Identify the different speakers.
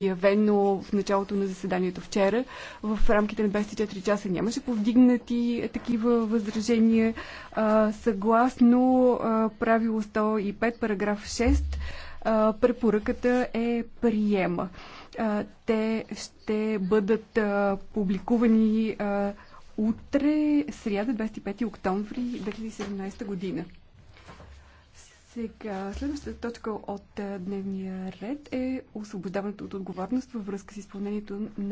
Speaker 1: явено в началото на заседанието вчера. В рамките на 24 часа нямаше повдигнати такива възражения. А, съгласно а, правило 105, параграф 6, а, препоръката е приема. А, те ще бъдат а, публикувани а, утре, сряда, 25 октомври 2017 година. Сега, следващата точка от дневния ред е освобождаването от
Speaker 2: отговорност във връзка с изпълнението на